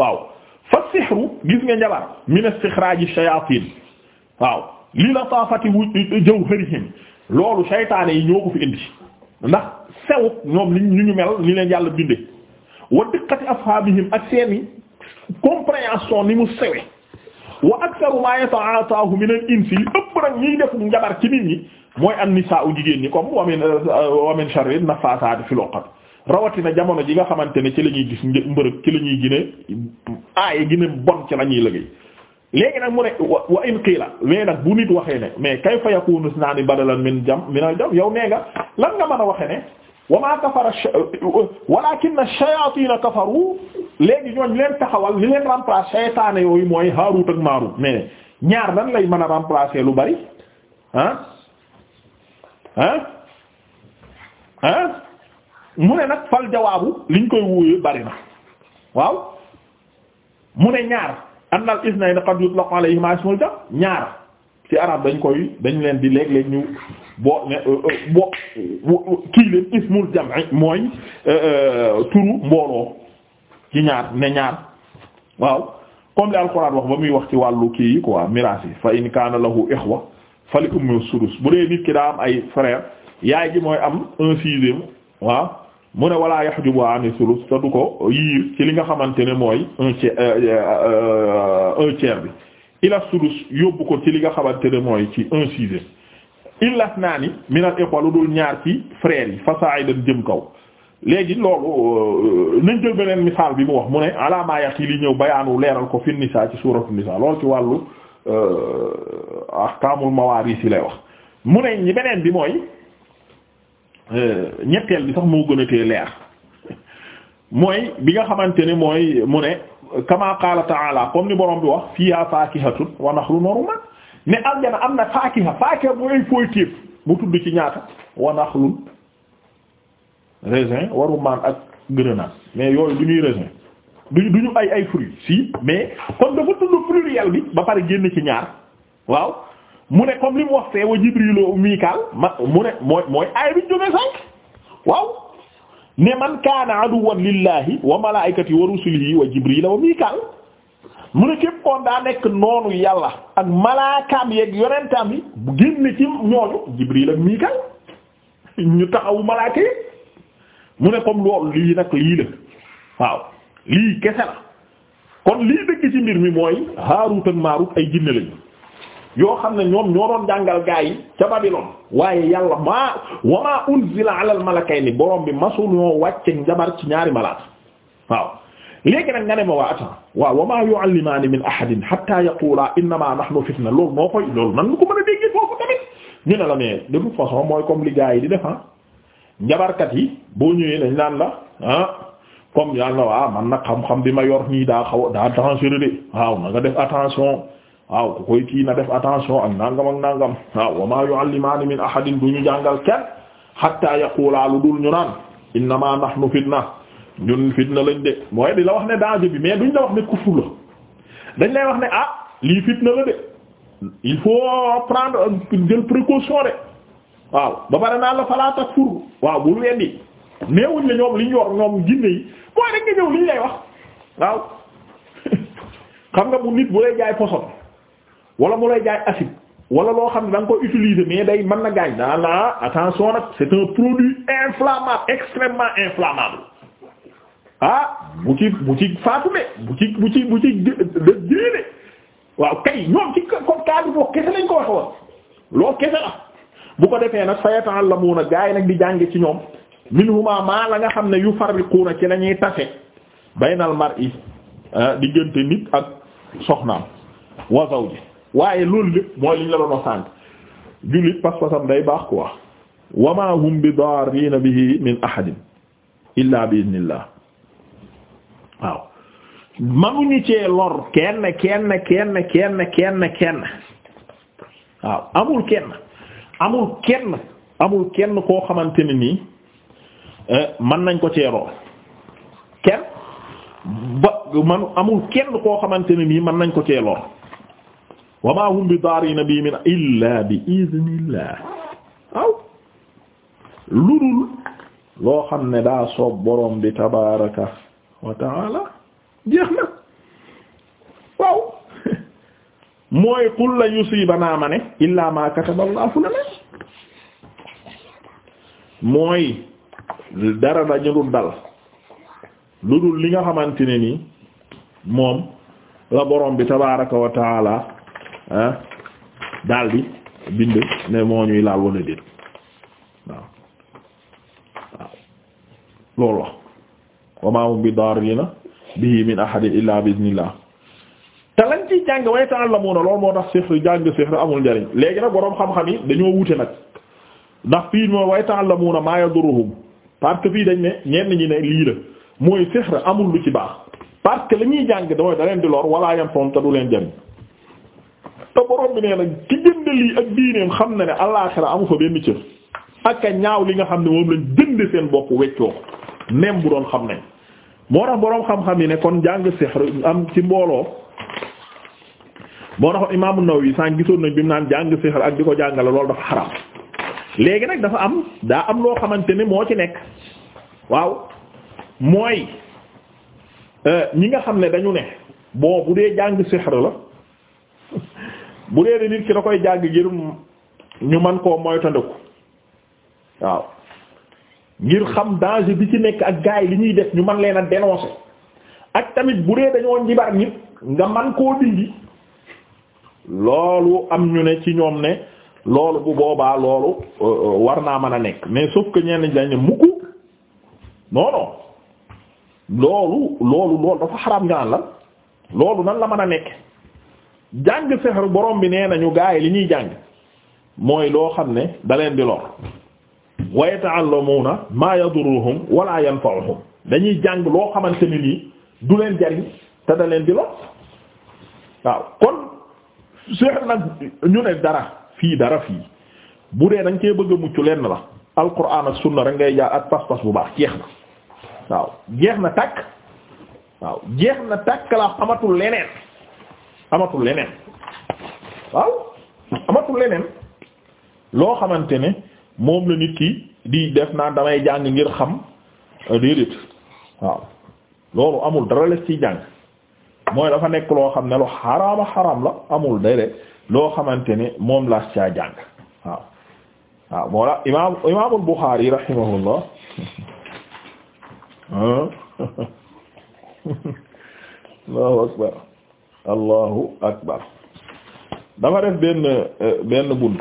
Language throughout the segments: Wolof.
waaw fa sixru gis nga njabar min istixraaji shayatin waaw li lataafati jawharihim loolu saytaane yi ñoo ko fi indi ndax sew ñoom li ñu ñu mel ni leen yàlla binde wa diqati afhamihim ak seeni compréhension ni mu sewe wa aktharu ma yata'atahu min al-insi li ëpp nag ñiy def njabar ci nit ñi mooy an nisaa'u jigéen ñi comme wa min wa min sharri nafasaati fil 'uqad rawatina jamono ji nga xamante ne ci la ñuy gis mbërëg ci la ñuy gine aaye gine bon ci la ñuy liggéey léegi nag mu ne wa in qiila mais nag bu nit waxee ne mais kayfa yakunu isnaani badalan min jam min al jam yow nee nga lan nga mën a waxee ne wa maa kafara walakinna ash-shayaatiina kafaru léegi ñooñ leen taxawal li leen remplacer seytaane yooyu mooy Haarut ak Maarut mais ñaar nan lay mën a remplacer lu bari ah ah ah mu ne nag fal jawaabu liñ koy wóoyee bari waaw mu ne ñaar anna al isnayn qad yutlaqu alayhima ismul jam ñaar ci arab dañ koy dañ leen di léeg-léeg ñu bo ne euh, euh, bo kii leen ismul jam'i mooy euh, turu mbooloo ci ñaar ne ñaar waaw comme li alxuraan wax ba muy wax ci wàllu kii yi quoi miraas yi fa in kaana lahu ixwa fa li sudus bu dee nit ki daa am ay frère yaay ji mooy am un waaw mu ne wala yahjubu ani sulus te du ko yiir ci li nga xamante ne mooy un tiers euh, euh, euh, un tiers bi ila sulus yóbbu ko ci li nga xamante ne mooy ci un sixième illa naani min al ikhwa lu dul ñaar ci frères yi fasa'idan jëm kaw léegi loolu nañ jël beneen misaal bi mu wax mu ne ala ma yaqi li ñëw bayaanu leeral ko fi nisaa ci suuratu nisaa loolu ci wàllu ahkaamul mawaarisi lay wax mu ne ñi beneen bi mooy Euh, ñetteel bi sax moo gën a tee leer mooy bi nga xamante ne mooy mu ne kama qaala ta'ala comme ni borom bi wax fiha faakihatun wa naxlun wa rumman ne aljana am na faakiha faakiha bu ay fooy téef mu tudd ci ñaata wa naxlun raisin wa rumman ak grenade mais yooyu du ñuy raisin duñu duñu ay ay fruits si mais kon dafa tudd pluriel bi ba pare génn ci ñaar waaw mu ne comme li mu wax fee wa jibrilo mikaal ma mu ne mooy mooy aaya bi jóge sànq waaw ne man kaana aduwwan lillahi wa malaikati wa rusulihi wa jibrila wa mikaal mu ne képp koon daa nekk noonu yàlla ak malaakaam yeeg yonentaam yi bu génn ci ñooñu jibril ak mikaal ñu taxawu malaaka yi mu ne comme loolu lii nag lii la waaw lii kese la kon lii dëgg ci mbir mi mooy Haaruut ak Maaruut ay jinne lañu yoo xam ne ñoom ñoo doon jàngal gaa yi ca Babylon waaye yàlla maa wa maa unzila ala al malakayni borom bi masuloo wàcce njabar ci ñaari malaat waaw léegi nag nga ne ma waa atan waaw wa maa yu'allimaani min ahadin hatta yaqula innama nahnu fitna loolu moo koy loolu nan ko mën a déggee foofu tamit ñu ne la mais de façon mooy comme li yi di def ah. njabarkat yi boo ñëwee dañ naan la ah comme yàlla waa man nag xam-xam bi ma yor nii daa waaw ku koy kii na def attention ak nangam ak nangam waaw wa ma yu'allimaani min ahadin du ñu jàngal kenn hatta yaqulaa lu dul ñu naan innama nahnu fitna ñun fitna lañ de mooy di la wax ne danger bi mais duñ la wax ne kufur dañ lay wax ne ah lii fitna la de il faut prendre jël précaution de waaw ba pare naan la falaa takfur waaw bul weddi neewuñ la ñoom li ñu yor ñoom jinne yi mooy rek ñëw li ñu lay wax waaw xam nga bu nit bu lay jaay poson wala mu lay jaay acide wala loo xam ne da nga ko utiliser mais day mën na gaañ naa la attention nag c'est un produit inflammable extrêmement inflammable ah bu ci bu ci faatume bu ci bu ci bu ci déne waaw kay ñoom ci comme cas bi boo kese lañ ko waxe woon loo kese la bu ko defee nag fa yata'allamuuna gaa yi nag di jànge ci ñoom minhuma maa la nga xam ne yu yufarriquuna ci lañuy tase baynal mar'i ah, diggante nit ak soxnaam wa zawji waaye loolu lépp mooy li ñu la doon sànk jullit pas-pasam day baax quoi wa ma hum bi darrina bihi min ahadin illa bi idnillah waaw manuñu cee lor kenn kenn kenn kenn kenn kenn waaw amul kenn amul kenn amul kenn koo xamante ne nii eh, mën nañ ko cee lor kenn ba man amul kenn koo xamante ne nii mën nañ ko cee lor wa maa hum bi daarina bi min illa bi idnillah waaw lu dul loo xam ne daa soob borom bi tabaraka wa taala jeex na waaw mooy qul la yusibanaa ma ne illa ma kataballaahu lana mooy dara dañu dul dal lu dul li nga xamante ne ni moom la borom bi tabaraka wa taala daldi bind ne moo ñuy laal wala déet waaw waaw loolu wax wa maa hum bi daarrina bihi min illaa bi iznillah te lañ ciy jàng way ta'allamuna loolu moo tax sihr jàng sihr amul njariñ léegi nag boroom xam-xam yi dañoo wute nag ndax fii moo way ta'allamuna maa yaduruhum parce que fii dañ ne ñenn ñi ne lii la mooy sihr amul lu ci baax parce lañuy jàng damooy da di lor wala yam foom te du leen jariñ te borom bi nee na ki jënd lii ak diineem xam na ne alaaxira amu fa benn cër ak ñaaw li nga xam ne moom lañ jënd seen bopp weccoo même bu doon xam nañ moo tax boroom xam-xam yi ne kon jàng sihr am ci mbooloo moo tax Imaam An-Nawawi sànq gisoon nañ bi naan jàng sihr ak di ko jàngale loolu dafa xaram léegi nag dafa am daa am loo xamante ni moo ci nekk waaw mooy euh, ñi nga xam ne dañu ne bon bu dee jàng sihr la. bu dee nit ki da koy jàgg ngir ñu mën koo moytandiku waaw ngir xam danger bi ci nekk ak gaay li ñuy def ñu mën leen a dénoncer ak tamit bu dee dañoo njibar nit nga man koo dindi loolu am ñu ne ci ñoom ne loolu bu boobaa loolu euh, war naa mën a nekk mais sauf que ñenn dañ ne mukk non non loolu loolu loolu dafa xaraam nga naan la loolu nan la mën a nekk. jàng sexar borom bi nee nañu gaa yi li ñuy jàng mooy loo xam ne da leen di lor wa yata'allamuna ma yadurruhum wala yanfa'uhum dañuy jàng loo xamante ne nii du leen jariñ te da leen di lor waaw kon sexar nag ñu ne dara fii dara fii bu dee dañ cee bëgg a mucc lenn la alquran ak sunna rek ngay jaar ak pas-pas bu baax jeex na waaw jeex na tàkk waaw jeex na tàkk la amatul leneen amatul leneen waaw amatul leneen loo xamante ne moom la nit ki di def naa damay jàng ngir xam euh, déedéet waaw loolu amul dara les ciy jàng mooy dafa nekk loo xam ne lu xaraama xaraam la amul dere loo xamante ne moom la caa jàng waaw waaw moo la imaam imaamul Buxaari rahimahullah Allahu akbar allahu akbar dafa def benn euh, benn bunt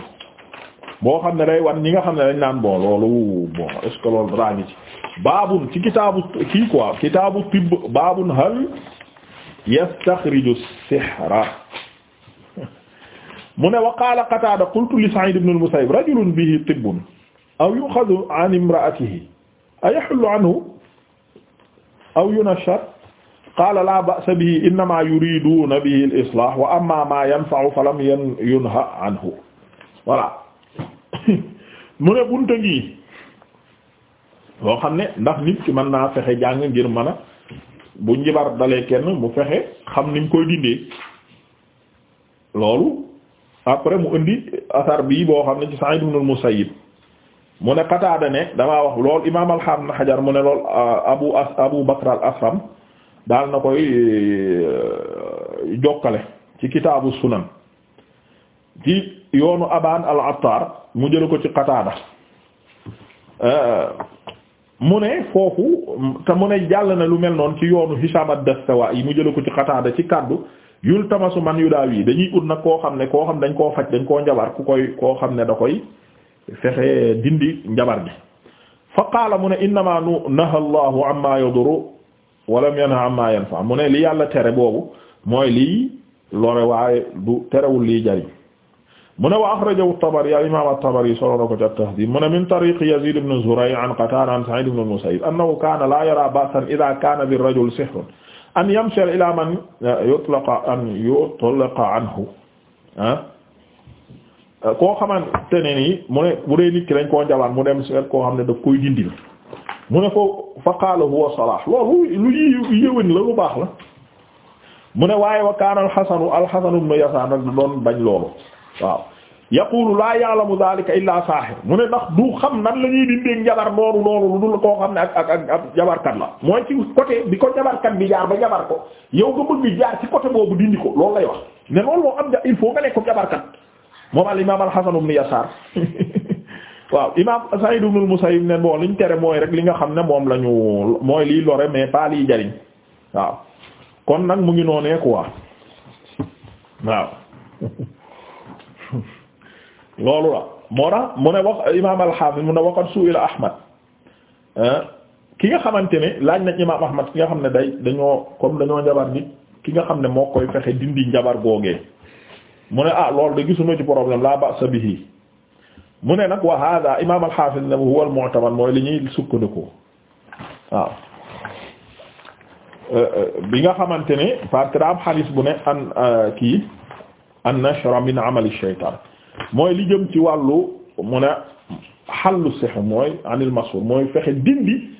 boo xam ne day wan ñi nga xam ne dañ naan bon loolu bon est-ce que loolu dara ngi ci baabun ci kitaabu kii quoi kitaabu tibb baabun hal yastaxriju sihra mu ne wa qaala Qataada qultu li Sa'iid ibn al-Musayyib rajulun bihi tibbun aw yu'xazu an imra'atihi ayahullu anhu aw yunashar qaala laa ba'sa bihi innamaa yuriiduuna bihi al-islaah wa ammaa maa yanfa'u falam yunha anhu voilà mu ne bunta ngi loo xam ne ndax nit ki mën naa fexe jàng ngir mën a bu njibar dalee kenn mu fexe xam ni mu koy dindee loolu après mu indi asar bii boo xam ne ci Sa'id ibn al mu ne Qataada ne damaa wax loolu imaam al-Hafiz Ibn mu ne loolu Abu Abu asram daal na koy euh, jokkale ci kitaabu sunan ci yoonu abaan al-attar mu jël ko ci qataada euh, mu ne foofu te mu ne jàll na lu mel noon ci yoonu hisham ad yi mu jël ko ci qataada ci kaddu yul tamasu man yu daaw yi dañuy ut nag koo xam ne koo xam dañ koo faj dañ koo njabar ku koy koo xam ne da koy fexe dindi njabar gi fa qaala mu ne innama naha allahu amma yaduru wala yanha amma yanfa yàlla tere boobu mooy lii lore waaye du terewul lii jariñ mu ne wa akhrajahu tabari al tabari solo na ko ci at-Tahdhib mu ne min tariq Yazid ibn Zuray' an Qatada an Sa'id ibn al-Musayyib annahu kana la yara ba'san idha kana bir-rajul sihrun an yamshi ila man yutlaqa an yutlaqa anhu ah? koo xamante ne nii mu ne bu dee nit ki dañ koo mu dem seet koo xam ne daf dindil mu ne ko fa qaala huwa salah loolu lu yi yëwén la lu baax la mu ne waaye wa kaana alxasanu alxasanu ibnu yasar nag da doon bañ loolu waaw yaqulu laa ya'lamu dhalika illa saaxir mu ne ndax du xam nan la ñuy jabar noonu noonu lu dul koo xam ne ak ak ak ak jabarkat la mooy ci côté bi ko jabarkat bi jaar ba jabar ko yow nga bëgg jaar ci côté boobu dindi ko loolu lay wax ne loolu moo am il faut nga nekk jabarkat moom al imam alxasanu ibnu waaw imaam Saïd ibn al ne bon liñ tere mooy rek li nga xam ne moom la ñu mooy liy lore mais pas liy jariñ waaw kon nag mu ngi noonee quoi waaw loolu la moo tax mu ne wax imaam al mu ne waqad su'ila Ahmad ki nga xamante ne laaj nañ imaam Ahmad ki nga xam ne day dañoo comme dañoo njabar nit ki nga xam ne moo koy fexe dindi njabar googee mu ne ah loolu de gisuma ci problème laa ba sa bihi mu ne nag wa hada imam al ne huwa al mooy li ñuy sukkandiku waaw euh, euh, bi nga xamante ne parce que bu ne an euh, kii an nashra min amal ash mooy li jëm ci wàllu mu ne xallu sihr mooy anil masur mooy fexe dindi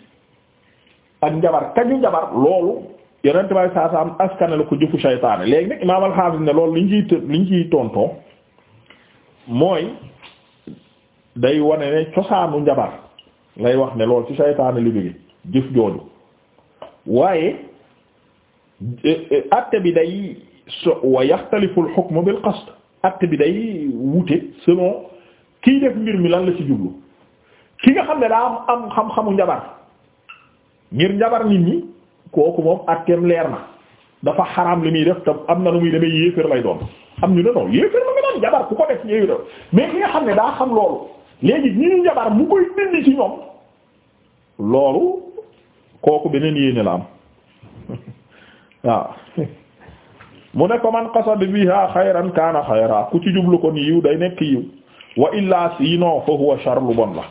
ak njabar kañu njabar loolu yonente may saa sa am la ko jëfu shaytaane léegi nag imam al ne loolu liñ ciy liñ ciy tontoo mooy day wane ne cosaanu njabar lay wax ne lool ci saytaane lu jóge jëf jooju waaye e, e, acte bi day so wa yaxtalifu al hukm bil qasd acte bi day wute selon kiy def mbir mi lan la ci jublu ki nga xam ne daa am xam-xamu njabar ngir njabar nit ñi kooku moom atteem leer na dafa xaram li muy def te am na lu muy demee yéeféer lay doon am ñu ne noonu yéeféer la nga doon njabar ku ko def yéeféer mais ki nga xam ne daa xam loolu léegi ñu ñu mu koy dindi ci ñoom loolu kooku beneen yéene la am waaw mu ne ko man qasada biha xayran kaana xayra ku ci jublu ko ni yiw day nekk yiw wa illaa sinon fa huwa shar bon la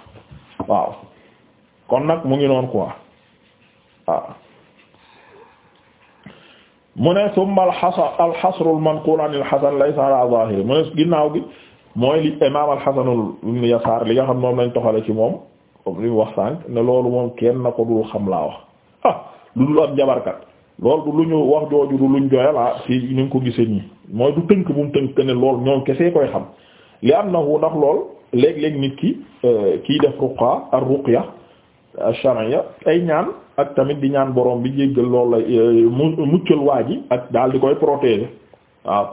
waaw kon nag mu ngi noon quoi waaw mu ne summa alxasr alxasr almanqul an alxasan laysa ala zahiri mu ne ginnaaw gi mooy li imaam al-Hasan ibn Yasaar li nga xam moom lañ toxale ci moom comme mu wax sànq ne loolu moom kenn na ko dul xam laa wax ah lu dul am jabarkat loolu du lu ñu wax jooju du luñ jooyal ah si ni ko gisee nii mooy du tënk bu mu tënk ne lool ñoom kese koy xam li am na wu ndax lool léeg-léeg nit ki euh, kiy def ruqa ar ruqya ash-shar'iyya ay ñaan ak tamit di ñaan borom bi jéggal lool la euh, muccal waa ji ak daal di koy protéger waaw.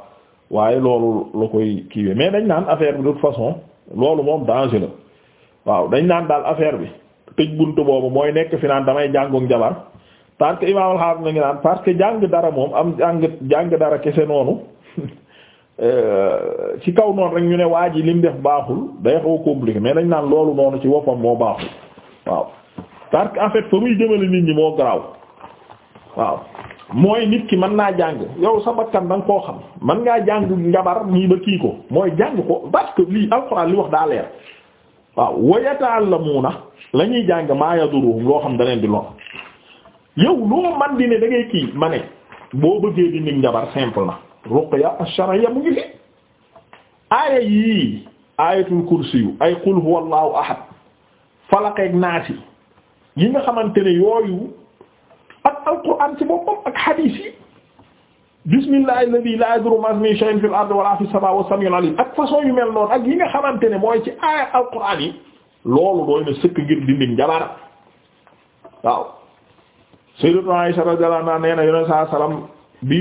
waaye loolu la koy kiiwee mais dañ naan affaire bi de façon loolu moom danger la waaw dañ naan daal affaire bi tëj buntu boobu mooy nekk fi naan damay jàngu jabar parce que imaam al-Hafiz naan parce que jàng dara moom am jàng jàng dara kese noonu ci kaw noonu rek ñu ne waa ji lim def baaxul day xaw a compliqué mais dañ naan loolu noonu ci woppam moo baaxul waaw parce que en fait fa muy jëmale nit ñi moo garaaw waaw mooy nit ki mën naa jàng yow sa bakkan da koo xam man ngaa jàng njabar nii ba kii ko mooy jàng ko parce que lii alxuraan li wax daa leer waaw wa yata'allamuuna la ñuy jàng maa yaduruhum loo xam da di lor yow loo man di ne da ngay kii ma ne boo bëggee di nit njabar simple na ruqya ash-shar'iyya mu ngi fi aaya yii ayatul kursi yu ay qul huwallahu ahad falaq ak yi nga xamante ne yooyu ak alquran ci boppam ak hadith yi bismillahi alladhi la yadurru ma'a ismihi shay'un fil ardi wala fis samaa'i wa samiul alim ak façon yu mel noonu ak yi nga xamante ne mooy ci aaya alquran yi loolu dooy na sëkk ngir dindi njabar waaw sayyidatu Aisha radiyallahu na yoneen saa salaam bi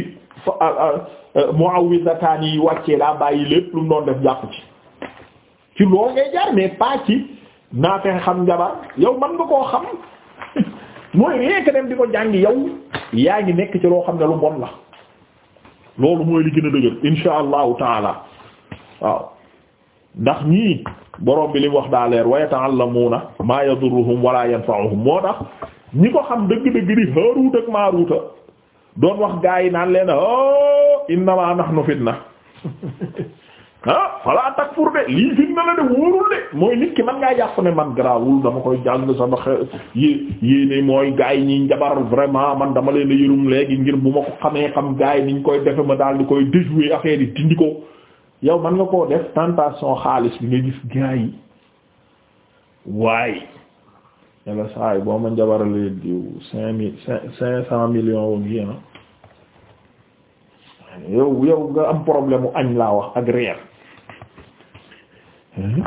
mu'awwidataani yi wàccee lu mu doon def jàpp ci ci loolu ngay jaar mais pas ci naa fexe xam njabar yow mën nga koo xam mooy rien que dem di ko jàngi yow yaa ngi nekk ci loo xam ne lu bon la loolu mooy li gën a dëgër insha allahu taala waaw ndax ñii borom bi li wax daa leer wa yata'allamuuna maa yadurruhum wala yanfa'uhum moo tax ñi ko xam dëgg-dëgg di Haaruut ak Maaruut doon wax gaa yi naan leen oh, innamaa nahnu fitna ah fala takfur de lii fitna la de wóorul de mooy nit ki man ngaa jàpp ne man garaawul dama koy jàng sama xe yi yéene mooy gaay yi ñi njabar vraiment man dama leen a yërum léegi ngir bu ma ko xamee xam gaay yi niñ koy defe ma daal di koy déjouer affaire yi tindi ko yow man nga koo def tentation xaalis bi nga gis gaay yi waaye yàlla saa yi boo ma njabaralee diw cinq mille cinq millions ah. yow yow nga am problème u añ laa wax ak reer Hmm.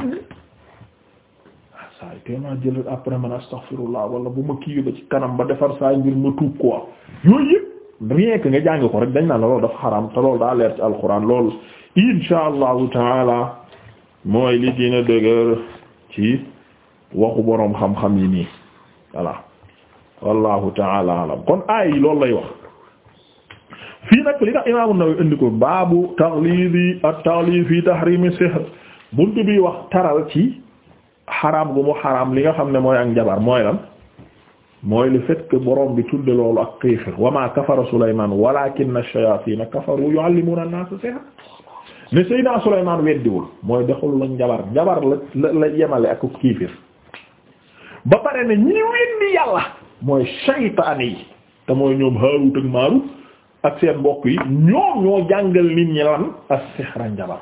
Ah, saa yi tey maa jël après man astaghfirullah wala bu ma kii ba ci kanam ba defar saa ngir ma tuub quoi yooyu yëpp rien nga jàng ko rek dañ naan la loolu dafa xaram te loolu daa leer ci alquran loolu insha allahu taala mooy li dina dëgër ci waxu boroom xam-xam yi nii voilà wallahu taala alam kon aay yi lay wax fii nag li tax imaamu Nawawi indi ko baabu taghlizi at-taghliz fi tahrimi sihr buntu bi wax taral ci xaraam gu mu xaraam li nga xam ne mooy ak njabar mooy lan mooy li fait boroom bi tudde loolu ak kéefër wa ma kafara Sulaymaan walaakinna ash-shayaatiin kafaru yu'allimuuna an-naasa sihr ne Seydina Sulaymaan weddiwul mooy dexul la njabar njabar la la yemale ak kéefër ba pare ne ñi weddi yàlla mooy saytaane te mooy ñoom Haarut ak Maarut ak seen mbokk yi ñoom ñoo jàngal nit ñi lan as-sihr njabar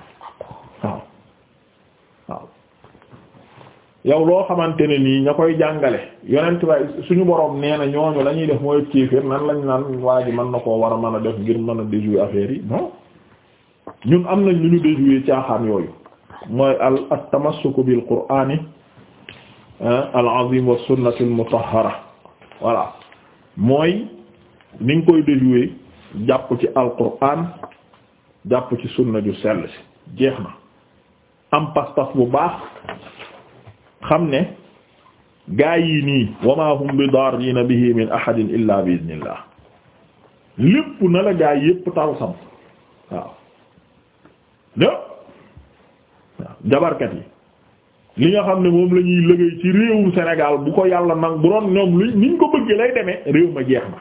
yow loo xamante ne nii ña koy jàngale yonent way suñu borom nee na ñooñu la ñuy def mooy kéeféer nan lañ naan waa ji mën na koo war a mën a def ngir mën a déjouer affaire yi non ñun am na lu ñu déjouer caaxaan yooyu mooy al at tamassuku bil qur'ani ah, al azim wa sunnati al mutahhara voilà mooy ni nga koy déjouer jàpp ci al qur'an jàpp ci sunna yu sell si jeex na am pas-pas bu baax xam ne gaa yi nii wa ma hum bi darrina bihi min ahadin illa bi idnillah lépp na la gaa yi yépp taru sam waaw lépp waaw jabarkat yi li nga xam ne moom lañuy ñuy liggéey ci réewum Sénégal bu ko yàlla nag bu doon ñoom luñ niñ ko bëggee lay demee réew ma jeex na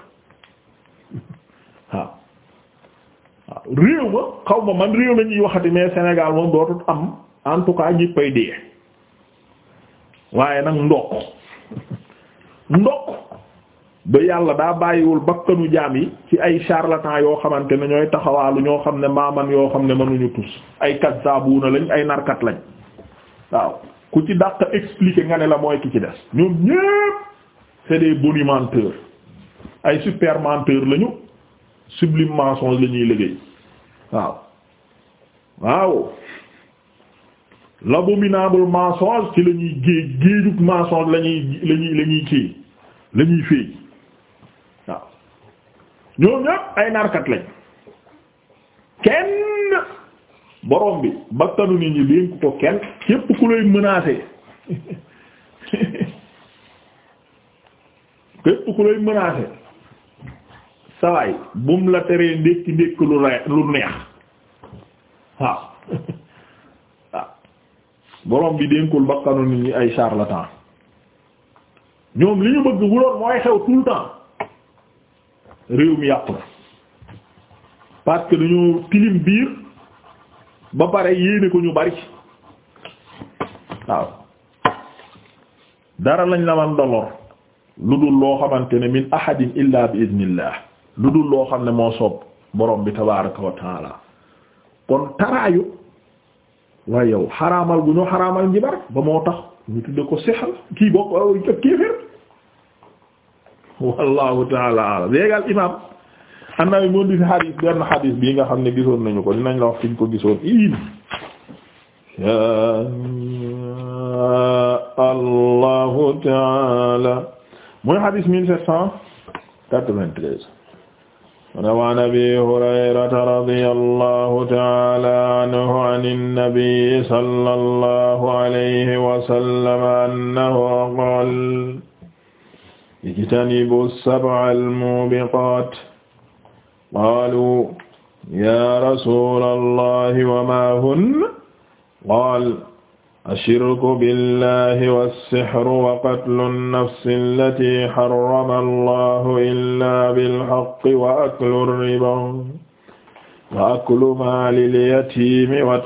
waaw réew ma xaw ma man réew la ñuy waxati mais Sénégal moom dootut am en tout cas dee waaye nag ndokk ndokk ba yàlla daa bàyyiwul bakkanu jaam yi ci ay charlatan yoo xamante ne ñooy taxawaalu ñoo xam ne maaman yoo xam ne mënuñu tus ay kazzabuna lañ ay narkat lañ waaw ku ci dàq expliquer nga ne la mooy ki ci des ñoom ñépp c'est des ay super lañu sublime mensonge la ñuy waaw waaw l'abominable mensonge ci lañuy ñuy géej géejug mensonge la ñuy la ñuy kii la ñuy waaw ñoom ñépp ay narkat lañ kenn borom bi bakkanu nit ñi dénk ko kenn képp ku lay menacer képp ku lay menacer sawaay bum la teree ndékki ndékk lu neex borom bi dénkul bakkanu nit ñi ay charlatan ñoom li ñu bëgg bu mooy xew tout réew mi yàqu na parce que dañoo tilim biir ba pare yéene ko ñu bari waaw dara lañ la man dolor lu dul loo xamante ne min ahadin illa bi idnillah lu dul loo xam ne moo soob borom bi tabaraka wa taala kon taraayu waaye yow xaraamal gu ñu xaraamal njibar ba moo tax ñu tudde ko sexal kii bokk ak kéefér wallahu taala alam léegal imam An-Nawawi moo di hadis benn hadis bii nga xam ne gisoon nañu ko dinañ la wax fi ñu ko gisoon in allahu taala mooy hadis mille sept cent quatre-vingt-treize waan abi hurayrata radiyallahu ta'ala anhu anin nabiyyi sallallahu alayhi wa sallam annahu qaala ijtanibu as-sab'a al-mubiqaat qaaluu yaa rasuulallahi wa maa hunna qaala ashirku billahi wassixru wa qatlu nnafsi allati xarrama allahu illaa bilxaqqi wa aklu riba wa aklu maali lyatiimi wa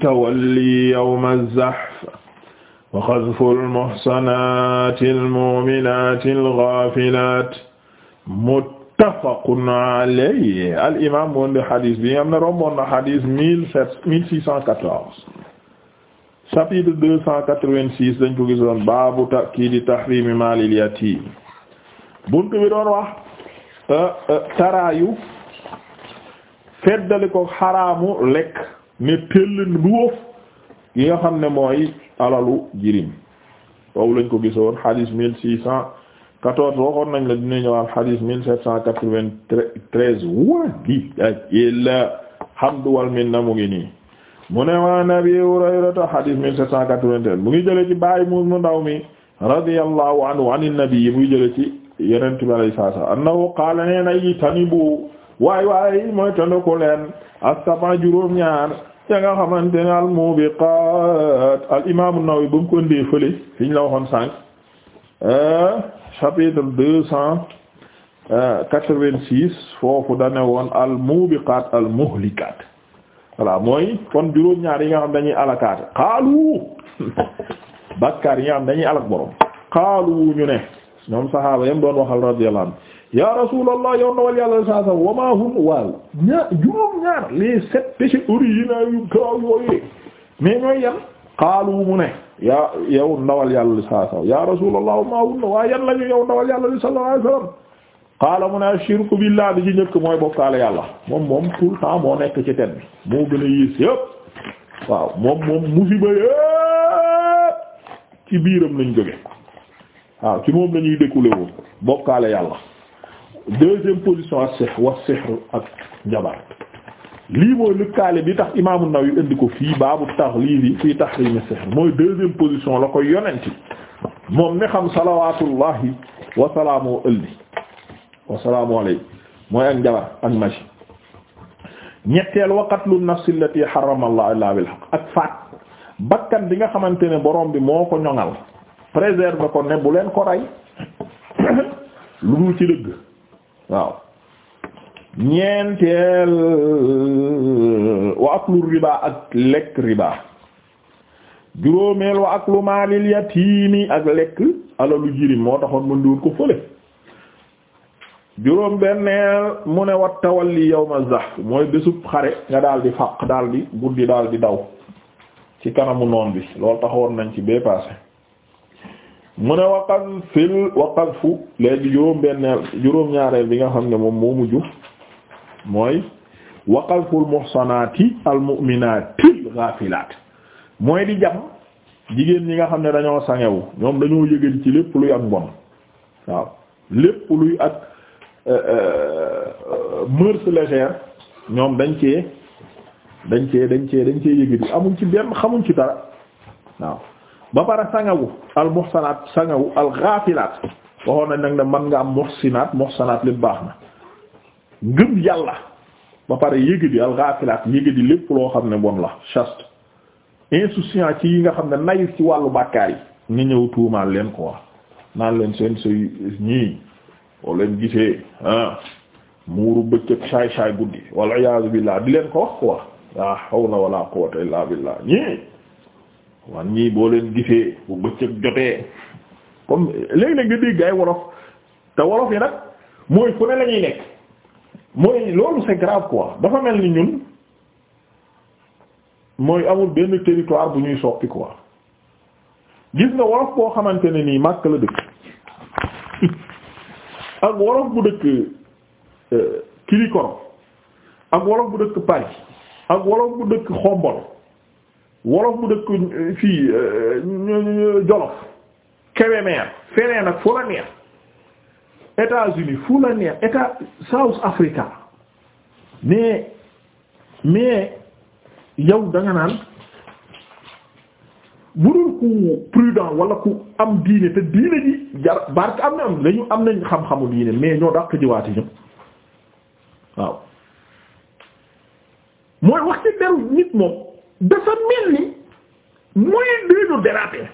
tawalli yawma zzahf wa xadfu lmuxsanaati almuminaati algaafilaat muttafaqun alayhi al imaam woon de xadis bi am na romboon na xadis mille sept mille six cent quatorze chapitre deux cent quatre-vingt-six dañ ko gisoon baabu takiidi tahrimi maalil yatiim bunt bi doon wax euh, euh, taraayu feddali ko xaraamu lekk ne tëll duwóof yi nga xam ne mooy alalu jirim wow lañ ko gisoon xadiis mille six cent quatorze waxoon nañ la dina ñëwaat xadiis mille sept cent quatre-vingt-treize waa gi ak yella hamdu wal minna mu ngi nii mu ne waan Abi Hurayrata hadis 1791 mu ngi jëlee ci baay mu mu ndaw mi radiyallahu anhu an nabi mu ngi jëlee ci yeneen tubaab yi saa saa annahu qaala nee na yi tanibu waay waay mooy tënd ko leen as juróom-ñaar ya xamante ne al-mubiqaat al imaamu Nawawi ba mu ko ndee fële fi ñu la waxoon sànq euh, chapitre deux cent euh, quatre-vingt-six foofu da woon al-mubiqaat al-muhlikaat voilà mooy kon juróom-ñaar yi nga xam dañuy alakaate xaalu bakkaar yi nga xam dañuy alak borom xaalu ñu ne ñoom saxaaba yam doon waxal radiyallahu anhu ya rasulallah yow ndawal yàlla saa sa wa ma hum waaw ñaar juróom-ñaar les sept péchés originaux yu gaaw yooyu ñooy yan xaalu mu ne yaa yow ndawal yàlla saa sa ya rasulallah wa ma hum waa yan lañu yow ndawal yàlla sallallahu alayhi wasallam qaala mu ne ashirku billah bi ci njëkk mooy bokkaale yàlla moom moom tout moo nekk ci tet bi moo gën a yées yëpp waaw moom moom musiba yëpp ci biiram lañ jóge waaw ci moom lañuy découlé woon bokkaale yàlla deuxième position ak sihr wa sihr ak njabar lii mooy lëkkaale bi tax na Nawawi indi ko fii baabu taxliizi fii tahriimi sihr mooy deuxième position la koy yonenti moom ne xam salawaatullahi wa salaamu ëlli wassalaamu alaykum mooy ak njabar ak machi ñetteel wa qatlu nafsi allati allah illa ak faat bakkan bi nga xamante ne borom bi moo ko ñoŋal préserve ko ne bu leen ko rey lu dul ci dëgg waaw ñeenteel wa aklu riba ak lekk riba juróomeel wa aklu maalil yatiimi ak lekk alalu jirim moo taxoon mën diwoon ko fële juróom benneel mu ne wat tawalli yawma zahf mooy bésub xare nga daal di fàq daal di daal di daw ci kanamu noon bi loolu taxawoon nañ ci bee passé mu ne waqad fil waqad fu léegi juróom benneel juróom ñaareel bi nga xam ne moom moo mujj mooy waqad ful muhsanaati al mu'minaatil ghafilaat mooy di jam jigéen ñi nga xam ne dañoo sangewu ñoom dañoo yëgal ci lépp luy ak mbon waaw lépp luy ak Euh, euh, euh, mœurs légères ñoom dañ cee dañ cee dañ cee dañ cee yëg amuñ ci benn xamuñ ci dara waaw ba pare sangawu al muhsanaat sangawu al ghafilaat waxoon nañ nag ne mën nga am muhsinaat muhsanaat lépp baax na ngëm yàlla ba pare yëg di al ghafilaat yëg di lépp loo xam ne bon la chaste insouciant ci yi nga xam ne nayu ci wàllu bàkkaar yi nga ñëw tuumaal leen ko wax naan leen seen sëy ñii boo leen gisee ah muuru bëccëg saay saay guddi wal iyaazu billah di leen ko wax quoi la hawla wala quwwata illa billah ñii wan ñii boo leen gisee bu bëccëg jotee comme léeg-léeg nga dégg ay wolof te wolof yi nag mooy fu ne la nekk mooy loolu c'est grave quoi dafa mel ni ñun mooy amul benn territoire bu ñuy soppi quoi gis nga wolof boo xamante ne nii màkk la dëkk ak wolof bu dëkk euh, Kilikoro ak wolof bu dëkk Paris ak wolof bu dëkk Xombol wolof bu dëkk euh, fii euh, Jolof Kébémer feneen ak fu la neex États-Unis fu la neex état South Africa mais mais yow da naan bu dul ku prudent wala ku am diine te diine ji jar barke am na am lañu am nañ xam-xamu diine mais ñoo dàq jiwaati ñëpp waaw mooy wax ci deru nit moom dafa mel ni mooy diinu déraper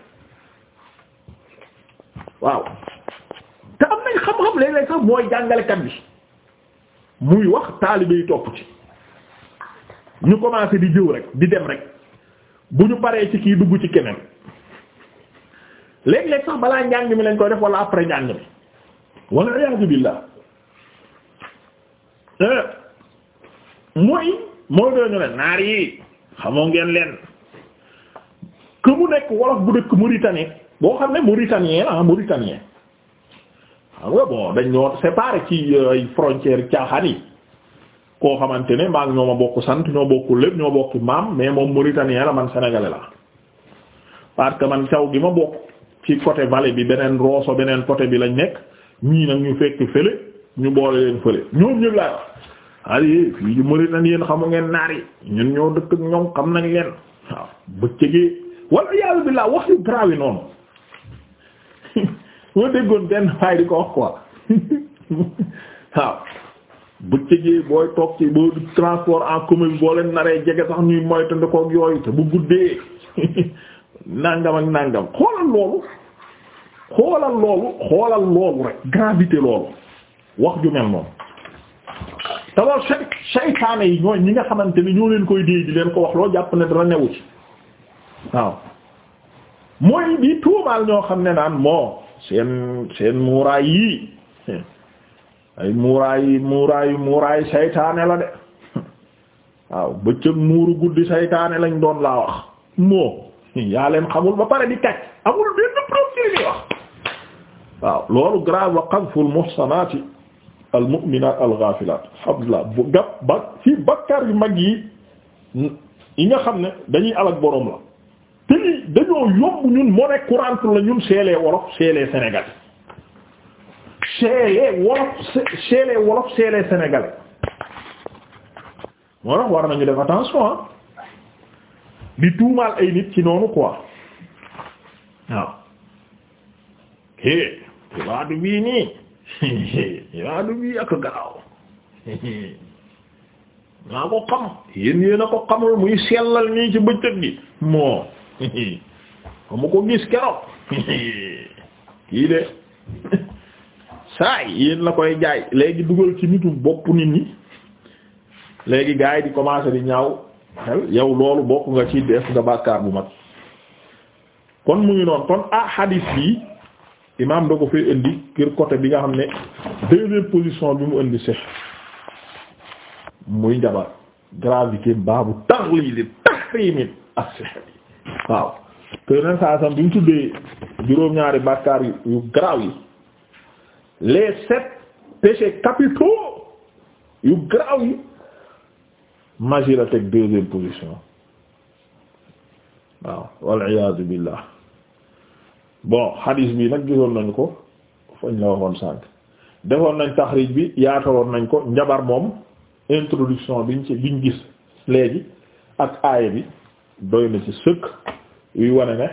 waaw te am nañ xam-xam léeg-léeg sax mooy jàngalekat bi muy wax taalibe yi topp ci ñu commencé di jëw rek di dem rek bu ñu paree ci kii dugg ci keneen léeg-léeg sax balaa njàng mi lañ koy def wala après njàng mi wala iyaazu billah eh, mooy mooy doo ñu leen naar yi xamoo ngeen leen que mu nekk wolof bu dëkk Mauritanie boo xam ne mauritanien ah mauritanien xam nga bon dañ ñoo séparé ci euh, ay frontières caaxaan yi koo xamante ne maa ñoo ma bokk sant ñoo bokku lépp ñoo bokki maam mais moom mauritanien la man sénégalais la parce que man caw gi ma bokk ci côté vallée bi beneen Rosso beneen côté bi lañ nekk ñii nag ñu fekk fële ñu boole leen fële ñoom ñu laa ay fii mauritanien xamu ngeen naar yi ñun ñoo dëkk ak ñoom xam nañ leen waaw bëccëgee wala yàlla bi laa wax yu garaaw yi noonu moo déggoon benn waay di ko wax quoi waaw bu bëccëgee booy tokk ci boo transport en commun boo leen naree jege sax ñuy moytandikook yooyu te bu guddee nàngam ak nàngam xoolal loolu xoolal loolu xoolal loolu rek gravité loolu wax ju mel noonu te loolu yi ñooy ñi xamante ni ñoo leen koy di leen ko wax loo jàpp ne dara newu ci waaw mooy xam ne naan moo seen seen muuraay yii ay muuraayi muuraayi muuraayi saytaane la de waaw bëccëg muuru guddi saytaane lañ doon laa wax moo yaa leen xamul ba pare di kàcc amul benn preuve ci li wax waaw loolu grave wa qadful muhsanaati al mu'minaat al ghafilaat bu gab ba ci bakkar yu mag yi yi nga xam ne dañuy alak boroom la te dañoo yomb ñun monnaie courante seelee wolof seelee Sénégal seelee wolof seelee wolof seelee sénégalais moo tax war nañu def attention ah di tuumaal ay nit ci noonu quoi waaw é ibaadu bii nii ibaadu bii ak garaaw maa ko xam yéen yéen a ko xamul muy sellal nii ci bëccëg gi moo xama ko gis keroog kii de saay yéen la koy jaay léegi dugal ci nitu bopp nit ñi léegi gars yi di commencer di ñaaw xel yow loolu bokk nga ci def nga bàkkaar bu mag kon mu ngi noonu kon ah hadith bi imaam da ko indi ngir côté bi nga xam ne deuxième position bi mu indi si muy njabar gravité baabu taxliil tahriim as-sihr waaw te nen saa sam bi mu tuddee juróom-ñaari bàkkaar yu garaaw yi les sept péchés capitaux yu graw yi magie la teg deuxième position waaw wal iyaadu billah bon hadis bi nag gisoon nañu ko fañ la waxoon sànq defoon nañ taxrij bi yaata yaataloon nañ ko njabar moom introduction biñ ci biñ gis léegi ak aaya bi doy na ci sëkk yuy wane ne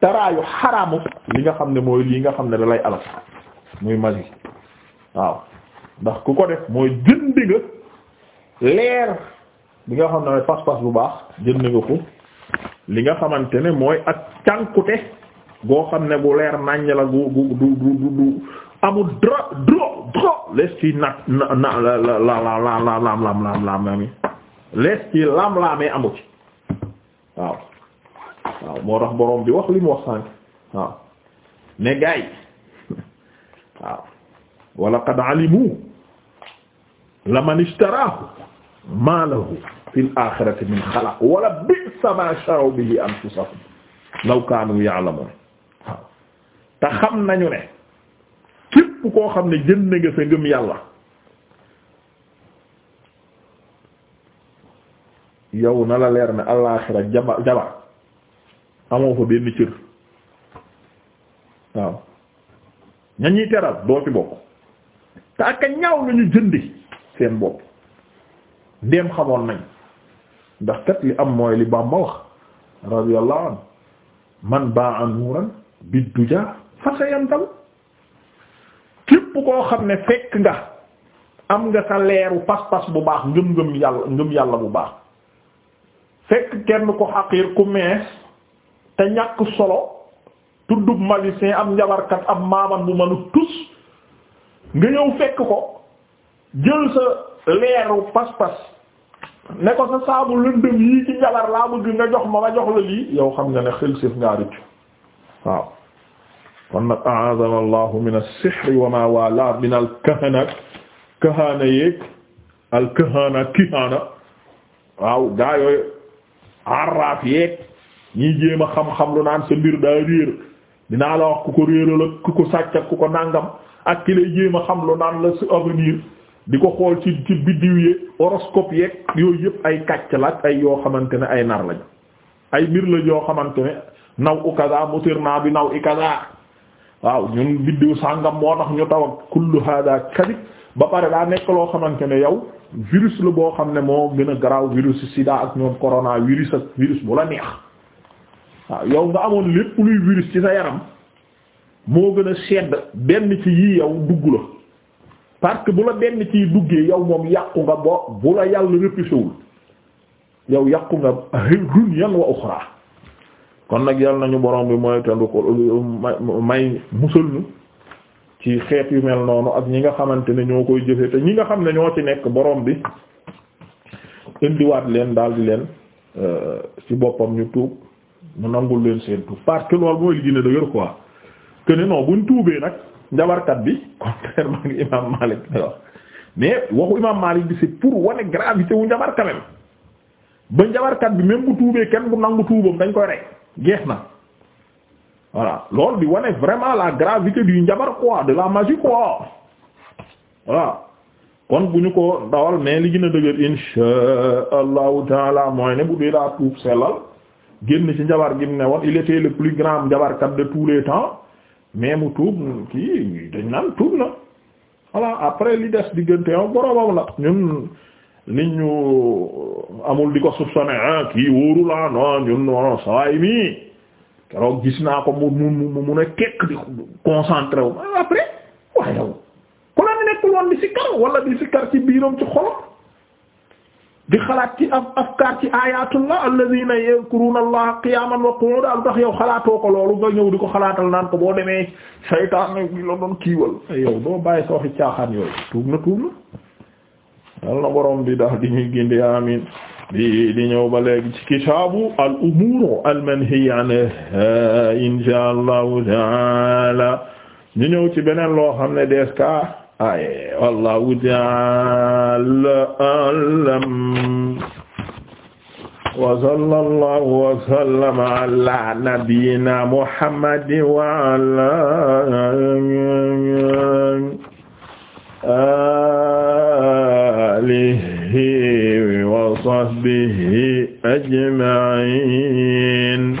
taraayu xaraamu li nga xam ne mooy lii nga xam ne da lay alal muy magi waaw ndax ku ko def mooy jëndi nga leer bi nga xam ne pas-pas bu baax jënd nga ko li nga xamante ne mooy ak cànkute goo xam ne bu leer nàññ la gu gu du du du amul dra dro dro lees ci nat na na la la la la la laam laam lees ci laam laamee amu waaw waaw moo tax boroom bi wax li mu wax sànk waaw ne gaay waaw wa laqad alimu laman ishtarahu ma lahu fil akhirati min xalaq wala bi'sa ma sharaw bihi anfusahum law kaanu ya'lamun waaw te xam nañu ne képp koo xam ne jënd nga sa ngëm yàlla yow na la leer ne alaaxira jaba jaba amoo fa benn cër waaw ña ñuy teral doo ci bokk te ak ñaaw lañu jënde seen bopp dem xamoon nañ ndax kat li am mooy li Bamba wax radiyallahu anhu man ba'a nuuran bid-duja fa sayantal képp koo xam ne fekk nga am nga sa leeru pas-pas bu baax ngëm-ngëm yàlla ngëm yàlla bu baax fekk kenn ko xaqiir ku mees te ñàkk solo tuddub magicien am njabarkat ab maaman bu mënu tus nga ñëw fekk ko jël sa leeru pas-pas ne ko sa saabu lëndëm yii ci njabar laa bëgg nga jox ma ma jox la lii yow xam nga ne xel ngaa rëccu waaw kon nag a'aadana min as wa ma wala min al-kahana kahana yeeg al waaw gaa yooyu arraaf yeeg ñiy jéem a xam-xam lu naan sa mbir daa réer dinaa la wax ku ko réeral ak ku ko sàcc ak ku ko nàngam ak ki lay jéem a xam lu naan la su avenir di ko xool ci ci biddiw yeeg horoscope yeeg yooyu yëpp ay kàcc la ak ay yoo xamante ne ay nar lañu ay mbir la yoo xamante ne naw u kaza mutir naa bi naw i kaza waaw ñun biddiw sàngam moo tax ñu taw ak kullu hada kadib ba pare daa nekk loo xamante ne yow virus la boo xam ne moo gën a garaaw virus sida ak ñoom corona virus ak virus bu la neex waaw yow nga amoon lépp luy virus ci sa yaram moo gën a sedd benn ci yii yow dugg la parce que bu la benn ciy duggee yow moom yàqu nga bo bu la yàlla répéséwul yow yàqu nga dunyan wa uxra kon nag yàlla nañu borom bi mooy tendu ko may musal ñu ci xeet yu mel noonu ak ñi nga xamante ne ñoo koy jëfee te ñi nga xam ne ñoo ci nekk borom bi indiwaat leen daal di leen euh, ci boppam ñu tuub mu nangul leen seen tuub parce que loolu mooy li gën a dëgër quoi que ne buñ tuubee nag njabarkat bi contrairement ak imam mais waxu imam Malik bi c'est pour wane gravité wu njabar quand ba njabarkat bi même bu tuubee kenn bu nangu tuubam dañ koy rek geex na voilà loolu di wane vraiment la gravité du njabar quoi de la magie quoi voilà kon bu ñu ko dawal mais li gën a dëgër insha allahu taala mooy ne bu dee daa tuub sellal génn ci njabar gi mu ne woon il était le plus grand njabarkat de tous les temps mais mu tuub kii dañ naan tuub na voilà après li des diggante yow boromam la ñun li ñu amul di ko soupçonné ah kii wóoru la non ñun non sawaay mi keroog gis naa ko mu mu mu mu ne kekk di concentré wu après waaye yow ku la nekkul woon di sikkar wala di sikkar ci biiram ci xolam di xalaat ci af afkaar ci ayatullah alladhina yadhkuruna allaha qiyaman yow xalaatoo ko loolu nga ko xalaatal naan ko boo demee saytaan bi la doon kiiwal yow doo bàyyi sa waxi caaxaan yooyu tuub na tuub na yal borom bi daal di ñuy gindi amin bi di ñëw ba léegi ci kitaabu al umur al manhiya anha insha ñu ñëw ci beneen loo xam ne dees ka ay wallahu ta'ala a'lam wa sallallahu wa sallama ala nabiyyina muhammad wa ala alihi wa sahbihi ajma'in